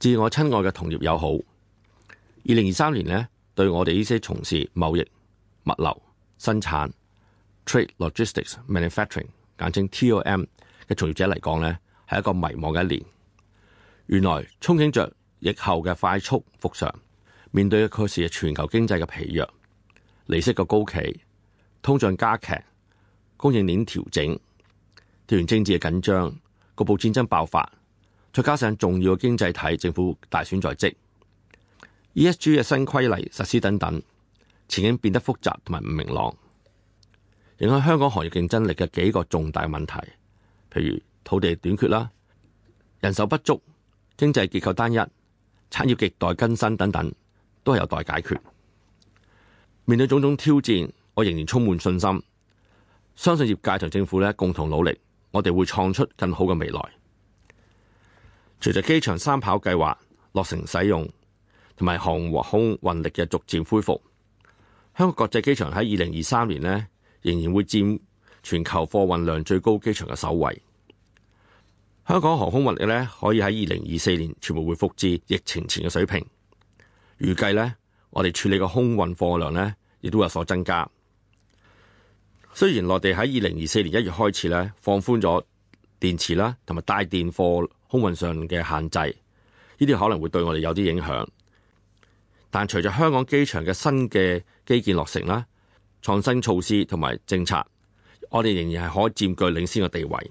自我親愛嘅同業友好，二零二三年呢，對我哋呢些從事貿易、物流、生產、trade logistics manufacturing 簡稱 TOM 嘅從業者嚟講呢係一個迷茫嘅一年。原來憧憬着疫後嘅快速復常，面對嘅卻是全球經濟嘅疲弱、利息嘅高企、通脹加劇、供應鏈調整、地緣政治嘅緊張、局部戰爭爆發。再加上重要嘅經濟體政府大選在即，ESG 嘅新規例實施等等，前景變得複雜同埋唔明朗。影響香港行業競爭力嘅幾個重大問題，譬如土地短缺啦、人手不足、經濟結構單一、產業亟待更新等等，都係有待解決。面對種種挑戰，我仍然充滿信心，相信業界同政府咧共同努力，我哋會創出更好嘅未來。隨着機場三跑計劃落成使用，同埋航空運力嘅逐漸恢復，香港國際機場喺二零二三年呢仍然會佔全球貨運量最高機場嘅首位。香港航空運力呢可以喺二零二四年全部回復至疫情前嘅水平。預計呢，我哋處理嘅空運貨量呢亦都有所增加。雖然內地喺二零二四年一月開始呢，放寬咗電池啦，同埋帶電貨，空運上嘅限制，呢啲可能會對我哋有啲影響。但隨着香港機場嘅新嘅基建落成啦，創新措施同埋政策，我哋仍然係可佔據領先嘅地位。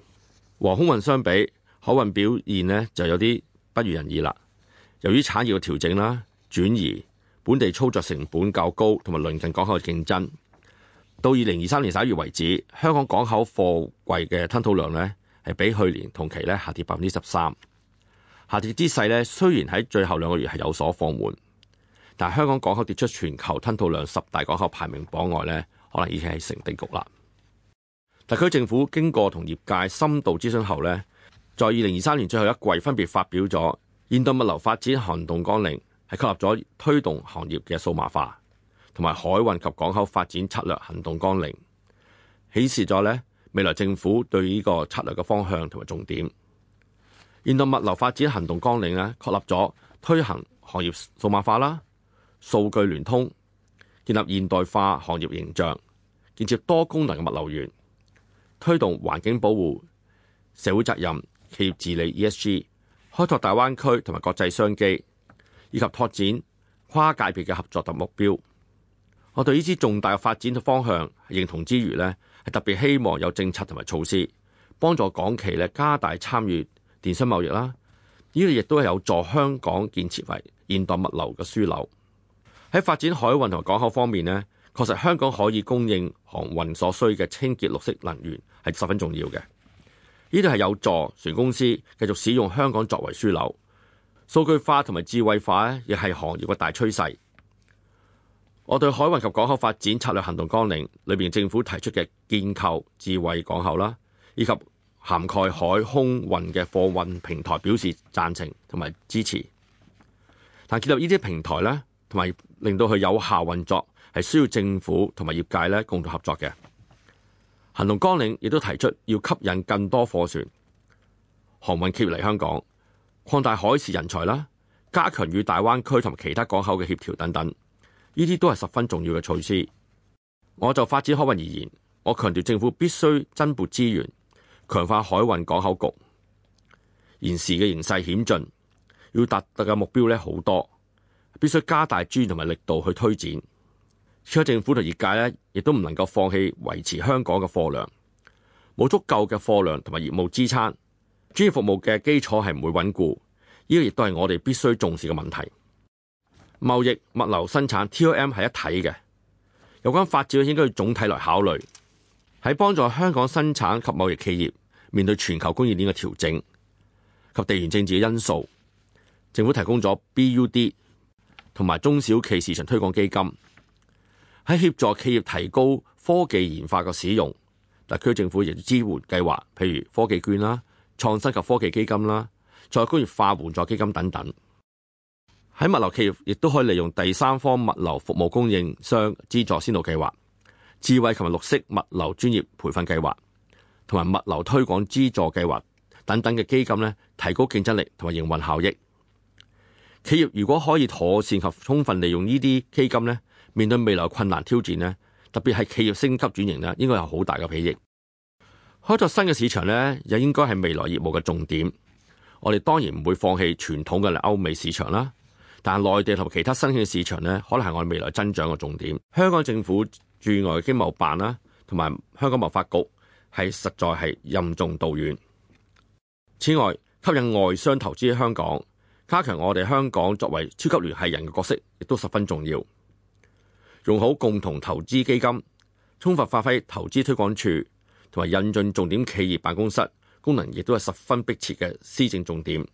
和空運相比，海運表現呢就有啲不如人意啦。由於產業嘅調整啦、轉移、本地操作成本較高同埋鄰近港口嘅競爭，到二零二三年十一月為止，香港港口貨櫃嘅吞吐量呢，比去年同期咧下跌百分之十三，下跌之勢咧，雖然喺最後兩個月係有所放緩，但香港港口跌出全球吞吐量十大港口排名榜外咧，可能已經係成定局啦。特區政府經過同業界深度諮詢後咧，在二零二三年最後一季分別發表咗現代物流發展行動綱領，係確立咗推動行業嘅數碼化，同埋海運及港口發展策略行動綱領，顯示咗咧。未來政府對呢個策略嘅方向同埋重點，現代物流發展行動綱領咧，確立咗推行行業數碼化啦、數據聯通、建立現代化行業形象、建設多功能嘅物流園、推動環境保護、社會責任、企業治理 ESG、開拓大灣區同埋國際商機，以及拓展跨界別嘅合作同目標。我對呢支重大嘅發展嘅方向認同之餘咧。特別希望有政策同埋措施幫助港企咧加大參與電商貿易啦，呢度亦都有助香港建設為現代物流嘅樞紐。喺發展海運同港口方面咧，確實香港可以供應航運所需嘅清潔綠色能源係十分重要嘅。呢度係有助船公司繼續使用香港作為樞紐。數據化同埋智慧化咧，亦係行業嘅大趨勢。我對海運及港口發展策略行動綱領裏邊政府提出嘅建構智慧港口啦，以及涵蓋海空運嘅貨運平台表示贊成同埋支持。但建立呢啲平台呢，同埋令到佢有效運作，係需要政府同埋業界咧共同合作嘅。行動綱領亦都提出要吸引更多貨船航運企業嚟香港，擴大海事人才啦，加強與大灣區同其他港口嘅協調等等。呢啲都係十分重要嘅措施。我就發展海運而言，我強調政府必須增撥資源，強化海運港口局。現時嘅形勢險峻，要達到嘅目標咧好多，必須加大專業同埋力度去推展。此外，政府同業界咧亦都唔能夠放棄維持香港嘅貨量。冇足夠嘅貨量同埋業務支撐，專業服務嘅基礎係唔會穩固。呢、這個亦都係我哋必須重視嘅問題。貿易、物流、生產，TOM 係一體嘅。有關發展應該要總體來考慮，喺幫助香港生產及貿易企業面對全球供應鏈嘅調整及地緣政治嘅因素，政府提供咗 BUD 同埋中小企市場推廣基金，喺協助企業提高科技研發嘅使用。特區政府亦支援計劃，譬如科技券啦、創新及科技基金啦、再工業化援助基金等等。喺物流企業亦都可以利用第三方物流服務供應商資助先導計劃、智慧同埋綠色物流專業培訓計劃同埋物流推廣資助計劃等等嘅基金咧，提高競爭力同埋營運效益。企業如果可以妥善及充分利用呢啲基金咧，面對未來困難挑戰咧，特別係企業升級轉型咧，應該有好大嘅裨益。開拓新嘅市場咧，又應該係未來業務嘅重點。我哋當然唔會放棄傳統嘅歐美市場啦。但係內地同其他新興市場咧，可能係我哋未來增長嘅重點。香港政府駐外經貿辦啦，同埋香港貿發局係實在係任重道遠。此外，吸引外商投資香港，加強我哋香港作為超級聯繫人嘅角色，亦都十分重要。用好共同投資基金，充分發揮投資推廣署同埋引進重點企業辦公室功能，亦都係十分迫切嘅施政重點。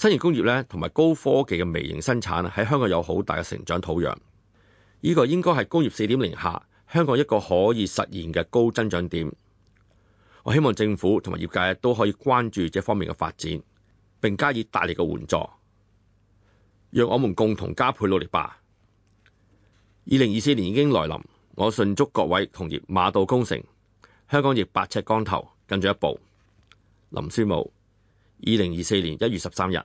新型工業咧，同埋高科技嘅微型生產喺香港有好大嘅成長土壤，呢個應該係工業四點零下香港一個可以實現嘅高增長點。我希望政府同埋業界都可以關注這方面嘅發展，並加以大力嘅援助，讓我們共同加倍努力吧。二零二四年已經來臨，我順祝各位同業馬到功成，香港亦百尺竿頭更進一步。林宣武。二零二四年一月十三日。